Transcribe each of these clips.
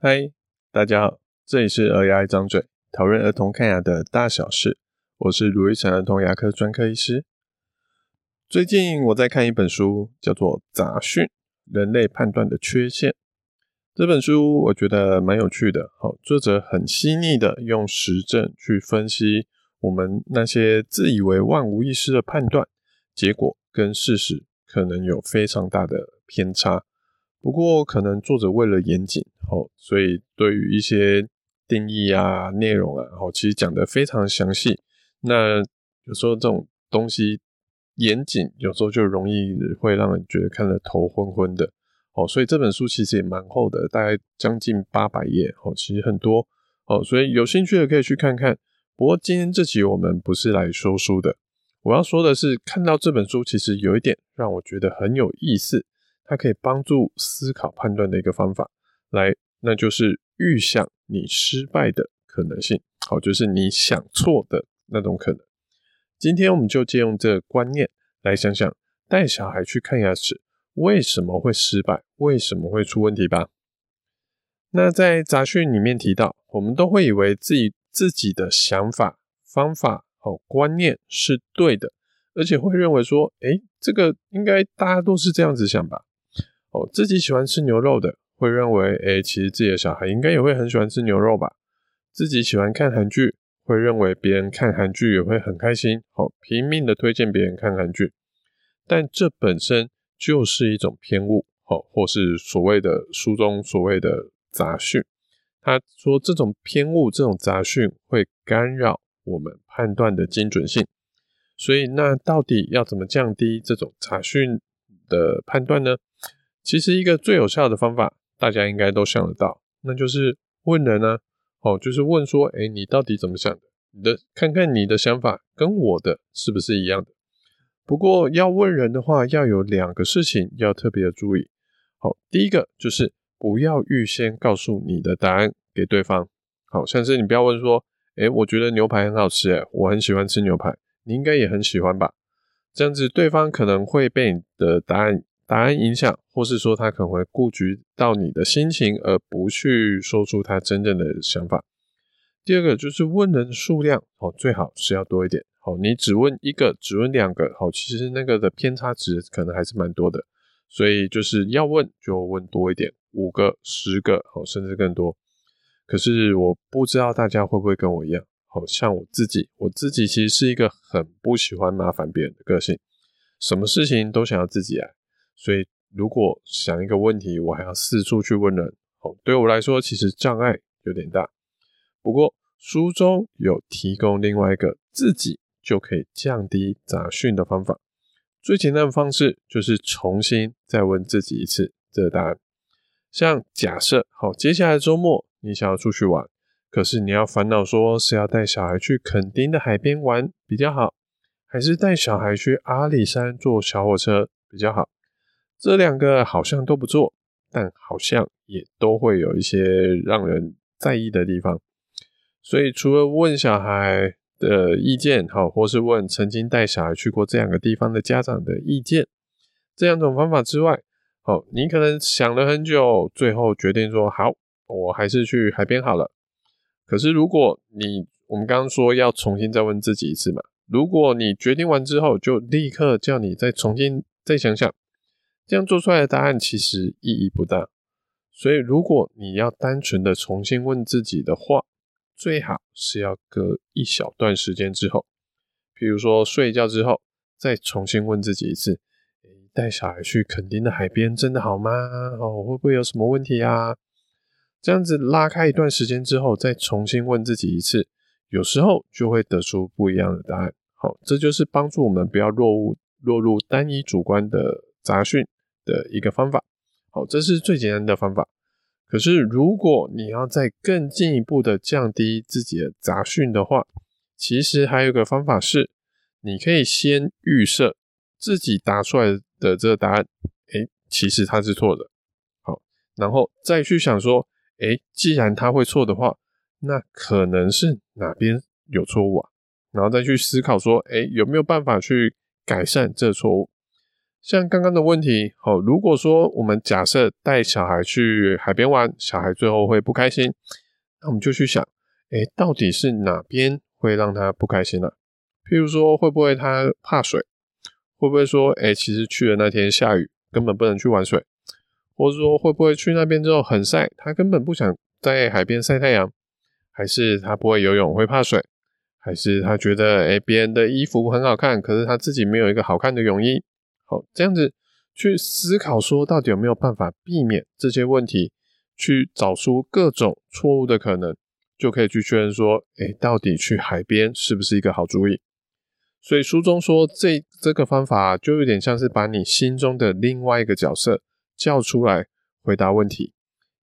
嗨，Hi, 大家好，這裡是兒牙一張嘴，討論兒童看牙的大小事。我是盧奕成兒童牙科專科醫師。最近我在看一本書，叫做《雜訊：人類判斷的缺陷》。這本書我覺得蠻有趣的。好，作者很細膩的用實證去分析我們那些自以為萬無一失的判斷，結果跟事實可能有非常大的偏差。不過，可能作者為了嚴謹，哦，所以對於一些定義啊、內容啊，哦，其實講得非常詳細。那有時候這種東西嚴謹，有時候就容易會讓人覺得看得頭昏昏的。哦，所以這本書其實也蠻厚的，大概將近八百頁。哦，其實很多。哦，所以有興趣的可以去看看。不過今天這集我們不是來說書的，我要說的是，看到這本書其實有一點讓我覺得很有意思。它可以幫助思考判斷的一個方法，來，那就是預想你失敗的可能性，好，就是你想錯的那種可能。今天我們就借用這個觀念來想想，帶小孩去看牙齒，為什麼會失敗，為什麼會出問題吧？那在雜訊裡面提到，我們都會以為自己自己的想法、方法、好、喔、觀念是對的，而且會認為說，誒、欸，這個應該大家都是這樣子想吧。自己喜歡吃牛肉的，會認為，哎、欸，其實自己的小孩應該也會很喜歡吃牛肉吧。自己喜歡看韓劇，會認為別人看韓劇也會很開心，好、喔、拼命的推薦別人看韓劇。但這本身就是一種偏誤，哦、喔，或是所謂的書中所謂的雜訊。他說，這種偏誤、這種雜訊會干擾我們判斷的精準性。所以，那到底要怎麼降低這種雜訊的判斷呢？其實一個最有效的方法，大家應該都想得到，那就是問人呢、啊，哦，就是問說，哎，你到底怎麼想的？你的看看你的想法跟我的是不是一樣的？不過要問人的話，要有兩個事情要特別的注意。好、哦，第一個就是不要預先告訴你的答案給對方。好、哦，像是你不要問說，哎，我覺得牛排很好吃，哎，我很喜歡吃牛排，你應該也很喜歡吧？這樣子對方可能會被你的答案。答案影響，或是說他可能會顧及到你的心情，而不去說出他真正的想法。第二個就是問人數量哦，最好是要多一點哦。你只問一個，只問兩個哦，其實那個的偏差值可能還是蠻多的。所以就是要問就問多一點，五個、十個哦，甚至更多。可是我不知道大家會不會跟我一樣，好像我自己，我自己其實是一個很不喜歡麻煩別人的個性，什麼事情都想要自己來。所以，如果想一個問題，我還要四處去問人。哦，對我來說，其實障礙有點大。不過，書中有提供另外一個自己就可以降低雜訊的方法。最簡單的方式就是重新再問自己一次這個答案。像假設，好，接下來週末你想要出去玩，可是你要煩惱說是要帶小孩去墾丁的海邊玩比較好，還是帶小孩去阿里山坐小火車比較好？這兩個好像都不錯，但好像也都會有一些讓人在意的地方。所以，除了問小孩的意見，好，或是問曾經帶小孩去過這兩個地方的家長的意見，這兩種方法之外，好，你可能想了很久，最後決定說好，我還是去海邊好了。可是，如果你我們剛剛說要重新再問自己一次嘛，如果你決定完之後，就立刻叫你再重新再想想。這樣做出來的答案其實意義不大，所以如果你要單純的重新問自己的話，最好是要隔一小段時間之後，比如說睡一覺之後，再重新問自己一次，哎，帶小孩去墾丁的海邊真的好嗎？哦，會不會有什麼問題啊？這樣子拉開一段時間之後，再重新問自己一次，有時候就會得出不一樣的答案。好，這就是幫助我們不要落入落入單一主觀的雜訊的一個方法，好，這是最簡單的方法。可是，如果你要再更進一步的降低自己的雜訊的話，其實還有一個方法是，你可以先預設自己答出來的這個答案，哎，其實它是錯的，好，然後再去想說，哎，既然它會錯的話，那可能是哪邊有錯誤啊？然後再去思考說，哎，有沒有辦法去改善這個錯誤？像剛剛的問題，好，如果說我們假設帶小孩去海邊玩，小孩最後會不開心，那我們就去想，哎，到底是哪邊會讓他不開心呢？譬如說，會不會他怕水？會不會說，哎，其實去的那天下雨，根本不能去玩水？或者說，會不會去那邊之後很曬，他根本不想在海邊曬太陽？還是他不會游泳，會怕水？還是他覺得，哎，別人的衣服很好看，可是他自己沒有一個好看的泳衣？好，這樣子去思考，說到底有沒有辦法避免這些問題？去找出各種錯誤的可能，就可以去確認說，哎、欸，到底去海邊是不是一個好主意？所以書中說這，這這個方法啊，就有點像是把你心中的另外一個角色叫出來回答問題。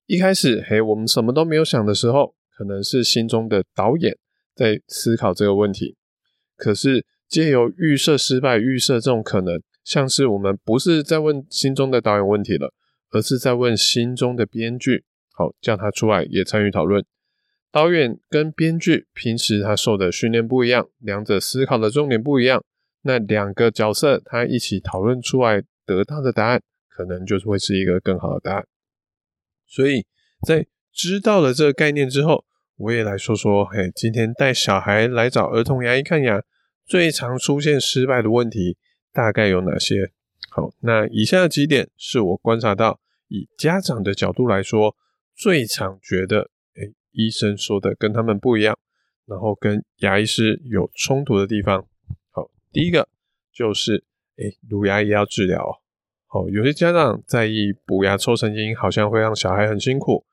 一開始，嘿、欸，我們什麼都沒有想的時候，可能是心中的導演在思考這個問題。可是借由預設失敗、預設這種可能。像是我們不是在問心中的導演問題了，而是在問心中的編劇，好，叫他出來也參與討論。導演跟編劇平時他受的訓練不一樣，兩者思考的重點不一樣，那兩個角色他一起討論出來得到的答案，可能就是會是一個更好的答案。所以在知道了這個概念之後，我也來說說，嘿，今天帶小孩來找兒童牙醫看牙，最常出現失敗的問題，大概有哪些？好，那以下的幾點是我觀察到，以家長的角度來說，最常覺得，欸，醫生說的跟他們不一樣，然後跟牙醫師有衝突的地方。好，第一個就是，欸，乳牙也要治療哦。哦，有些家長在意補牙抽神經，好像會讓小孩很辛苦；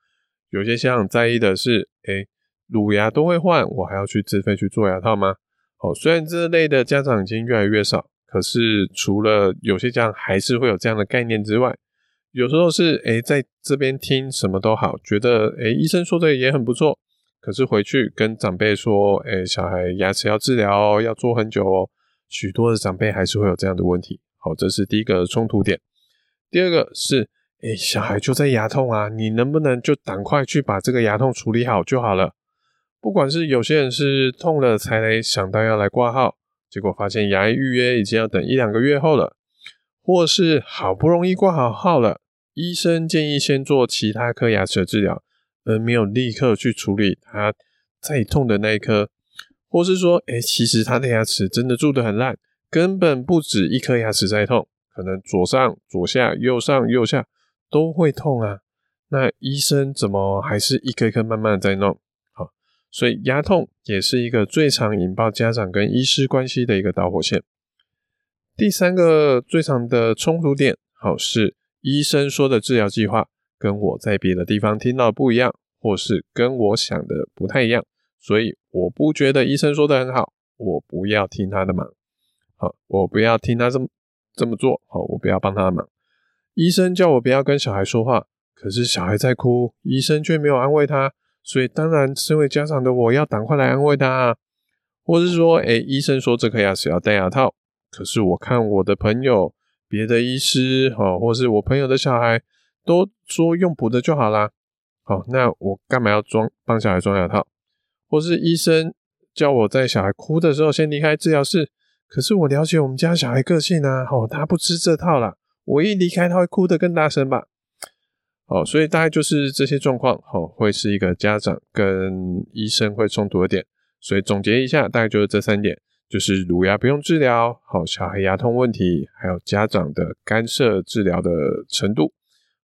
有些家長在意的是，欸，乳牙都會換，我還要去自費去做牙套嗎？好，雖然這類的家長已經越來越少。可是除了有些家長還是會有這樣的概念之外，有時候是哎、欸、在這邊聽什麼都好，覺得哎、欸、醫生說的也很不錯，可是回去跟長輩說哎、欸、小孩牙齒要治療，要做很久哦，許多的長輩還是會有這樣的問題。好，這是第一個衝突點。第二個是哎、欸、小孩就在牙痛啊，你能不能就趕快去把這個牙痛處理好就好了？不管是有些人是痛了才來想到要來掛號。結果發現牙醫預約已經要等一兩個月後了，或是好不容易掛好號了，醫生建議先做其他顆牙齒的治療，而沒有立刻去處理他再痛的那一顆，或是說，哎，其實他的牙齒真的蛀得很爛，根本不止一顆牙齒在痛，可能左上、左下、右上、右下都會痛啊，那醫生怎麼還是一顆一顆慢慢的在弄？所以牙痛也是一個最常引爆家長跟醫師關係的一個導火線。第三個最常的衝突點，好，是醫生說的治療計劃跟我在別的地方聽到的不一樣，或是跟我想的不太一樣，所以我不覺得醫生說得很好，我不要聽他的忙。好，我不要聽他這麼這麼做。好，我不要幫他的忙。醫生叫我不要跟小孩說話，可是小孩在哭，醫生卻沒有安慰他。所以當然，身為家長的我要趕快來安慰他啊，或是說，哎，醫生說這顆牙齒要戴牙套，可是我看我的朋友，別的醫師哈、哦，或是我朋友的小孩都說用補的就好啦，好、哦，那我幹嘛要裝，幫小孩裝牙套？或是醫生叫我在小孩哭的時候先離開治療室，可是我了解我們家小孩個性啊，哦，他不吃這套啦，我一離開他會哭得更大聲吧。哦，所以大概就是這些狀況、哦，會是一個家長跟醫生會衝突的點。所以總結一下，大概就是這三點：就是乳牙不用治療，好、哦，小孩牙痛問題，還有家長的干涉治療的程度，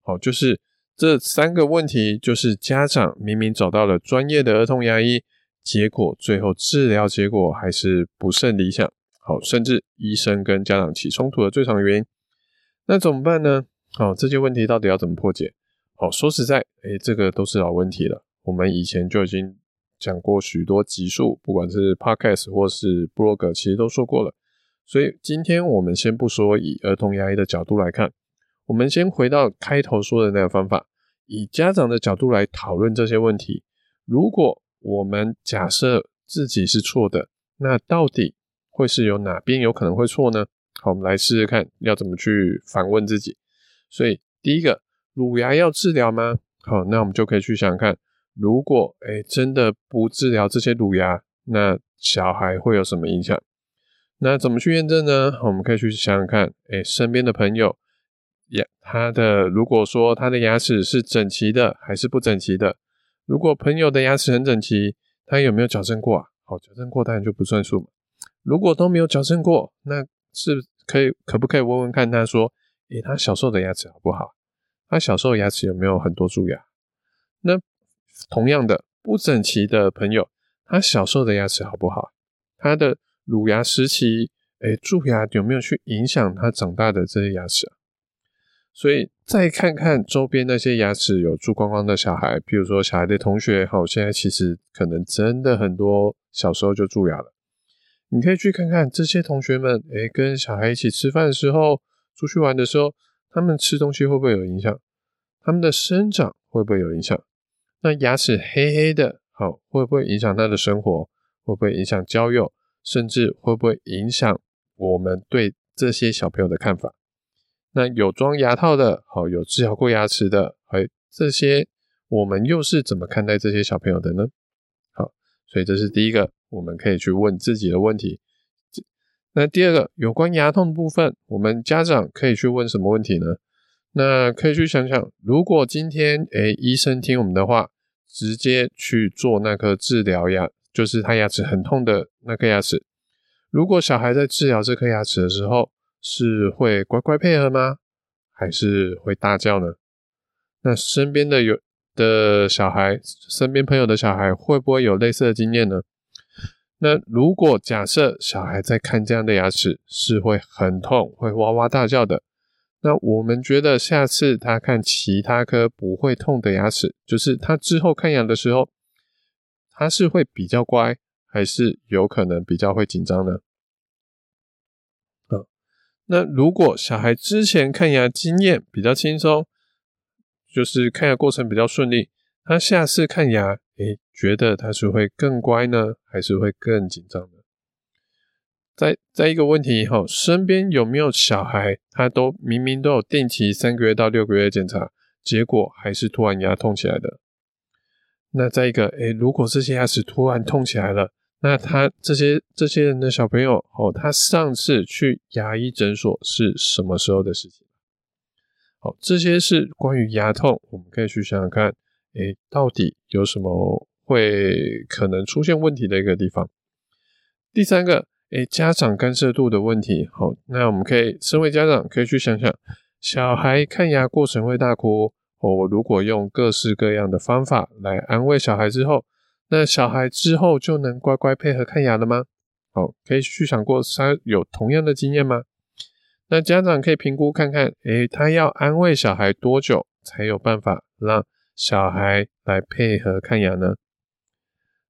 好、哦，就是這三個問題，就是家長明明找到了專業的兒童牙醫，結果最後治療結果還是不甚理想，好、哦，甚至醫生跟家長起衝突的最常原因。那怎麼辦呢？好、哦，這些問題到底要怎麼破解？好，說實在，哎，這個都是老問題了。我們以前就已經講過許多集數，不管是 podcast 或是 blog，其實都說過了。所以今天我們先不說，以兒童牙醫的角度來看，我們先回到開頭說的那個方法，以家長的角度來討論這些問題。如果我們假設自己是錯的，那到底會是有哪邊有可能會錯呢？好，我們來試試看要怎麼去反問自己。所以第一個。乳牙要治療嗎？好，那我們就可以去想想看，如果哎、欸、真的不治療這些乳牙，那小孩會有什麼影響？那怎麼去驗證呢？我們可以去想想看，哎、欸，身邊的朋友牙他的，如果說他的牙齒是整齊的還是不整齊的？如果朋友的牙齒很整齊，他有沒有矯正過啊？好、哦，矯正過當然就不算數嘛。如果都沒有矯正過，那是可以，可不可以問問看他說，哎、欸，他小時候的牙齒好不好？他小時候牙齒有沒有很多蛀牙？那同樣的不整齊的朋友，他小時候的牙齒好不好？他的乳牙時期，欸，蛀牙有沒有去影響他長大的這些牙齒？所以再看看周邊那些牙齒有蛀光光的小孩，比如說小孩的同學，好，現在其實可能真的很多小時候就蛀牙了。你可以去看看這些同學們，欸，跟小孩一起吃飯的時候，出去玩的時候。他們吃東西會不會有影響？他們的生長會不會有影響？那牙齒黑黑的，好，會不會影響他的生活？會不會影響交友？甚至會不會影響我們對這些小朋友的看法？那有裝牙套的，好，有治療過牙齒的，哎，這些我們又是怎麼看待這些小朋友的呢？好，所以這是第一個，我們可以去問自己的問題。那第二個有關牙痛的部分，我們家長可以去問什麼問題呢？那可以去想想，如果今天，哎、欸、醫生聽我們的話，直接去做那顆治療牙，就是他牙齒很痛的那顆牙齒，如果小孩在治療這顆牙齒的時候，是會乖乖配合嗎？還是會大叫呢？那身邊的有的小孩，身邊朋友的小孩，會不會有類似的經驗呢？那如果假設小孩在看這樣的牙齒是會很痛，會哇哇大叫的，那我們覺得下次他看其他顆不會痛的牙齒，就是他之後看牙的時候，他是會比較乖，還是有可能比較會緊張呢？啊、嗯，那如果小孩之前看牙經驗比較輕鬆，就是看牙過程比較順利，他下次看牙。覺得他是會更乖呢，還是會更緊張呢？再一個問題以後，身邊有沒有小孩？他都明明都有定期三個月到六個月檢查，結果還是突然牙痛起來的。那再一個，欸，如果這些牙齒突然痛起來了，那他這些這些人的小朋友，哦，他上次去牙醫診所是什麼時候的事情？好，這些是關於牙痛，我們可以去想想看，欸，到底有什麼？會可能出現問題的一個地方。第三個，誒，家長干涉度的問題。好，那我們可以身為家長可以去想想，小孩看牙過程會大哭，哦，如果用各式各樣的方法來安慰小孩之後，那小孩之後就能乖乖配合看牙了嗎？好，可以去想過他有同樣的經驗嗎？那家長可以評估看看，誒，他要安慰小孩多久才有辦法讓小孩來配合看牙呢？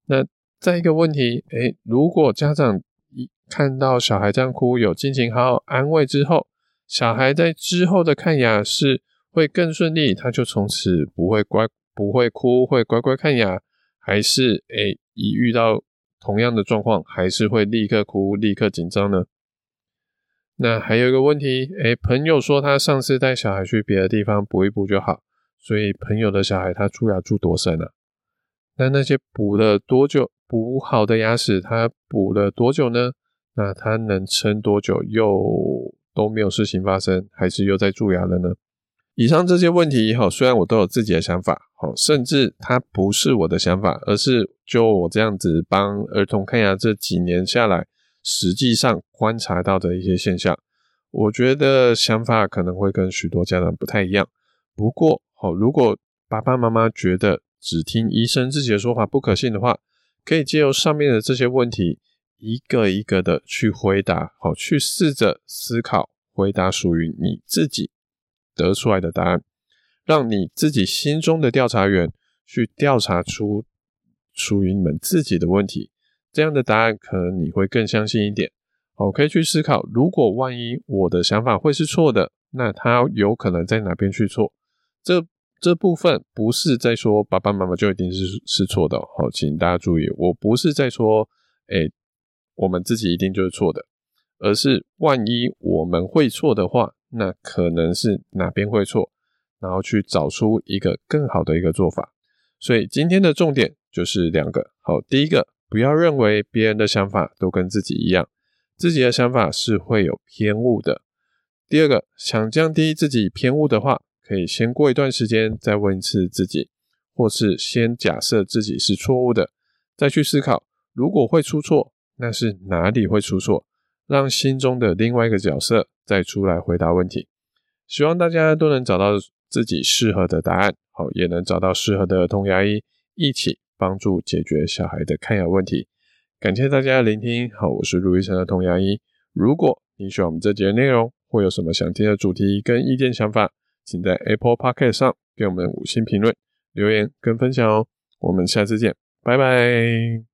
那再一個問題，哎，如果家長一看到小孩這樣哭，有心情好好安慰之後，小孩在之後的看牙是會更順利，他就從此不會乖不會哭，會乖乖看牙，還是哎一遇到同樣的狀況，還是會立刻哭立刻緊張呢？那還有一個問題，哎，朋友說他上次帶小孩去別的地方補一補就好，所以朋友的小孩他蛀牙蛀多深啊？但那些補了多久補好的牙齒，它補了多久呢？那它能撐多久又都沒有事情發生，還是又在蛀牙了呢？以上這些問題好，雖然我都有自己的想法，好，甚至它不是我的想法，而是就我這樣子幫兒童看牙這幾年下來，實際上觀察到的一些現象，我覺得想法可能會跟許多家長不太一樣。不過好，如果爸爸媽媽覺得，只聽醫生自己的說法不可信的話，可以借由上面的這些問題，一個一個的去回答，好，去試着思考，回答屬於你自己得出來的答案，讓你自己心中的調查員去調查出屬於你們自己的問題，這樣的答案可能你會更相信一點。好，可以去思考，如果萬一我的想法會是錯的，那他有可能在哪邊去錯？這。這部分不是在說爸爸媽媽就一定是是錯的哦，好，請大家注意，我不是在說，哎、欸，我們自己一定就是錯的，而是萬一我們會錯的話，那可能是哪邊會錯，然後去找出一個更好的一個做法。所以今天的重點就是兩個，好，第一個，不要認為別人的想法都跟自己一樣，自己的想法是會有偏誤的；第二個，想降低自己偏誤的話。可以先過一段時間再問一次自己，或是先假設自己是錯誤的，再去思考。如果會出錯，那是哪裡會出錯？讓心中的另外一個角色再出來回答問題。希望大家都能找到自己適合的答案，好，也能找到適合的童牙醫，一起幫助解決小孩的看牙問題。感謝大家的聆聽，好，我是陸醫生的童牙醫。如果你喜歡我們這集內容，或有什麼想聽的主題跟意見想法，請在 Apple Podcast 上給我們五星評論、留言跟分享哦。我們下次見，拜拜。